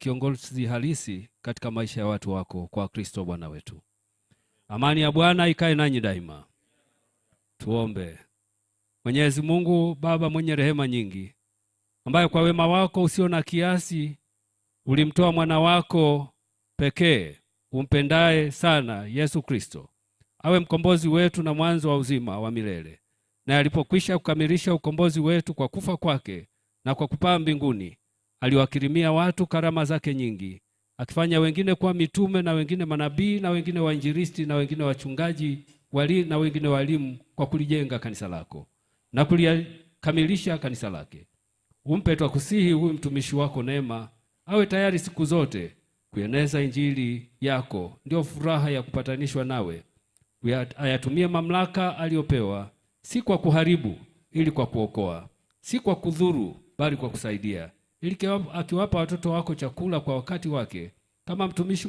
kiongozi halisi katika maisha ya watu wako kwa Kristo Bwana wetu. Amani ya Bwana ikae nanyi daima. Tuombe. Mwenyezi Mungu Baba mwenye rehema nyingi, ambaye kwa wema wako usio na kiasi ulimtoa mwana wako pekee umpendaye sana Yesu Kristo awe mkombozi wetu na mwanzo wa uzima wa milele, na alipokwisha kukamilisha ukombozi wetu kwa kufa kwake na kwa kupaa mbinguni aliwakirimia watu karama zake nyingi, akifanya wengine kuwa mitume na wengine manabii na wengine wainjilisti na wengine wachungaji wali, na wengine walimu, kwa kulijenga kanisa lako na kulikamilisha kanisa lake. Umpe twakusihi huyu mtumishi wako neema, awe tayari siku zote kueneza injili yako, ndio furaha ya kupatanishwa nawe. Ayatumie mamlaka aliyopewa, si kwa kuharibu, ili kwa kuokoa; si kwa kudhuru, bali kwa kusaidia ili akiwapa watoto wako chakula kwa wakati wake, kama mtumishi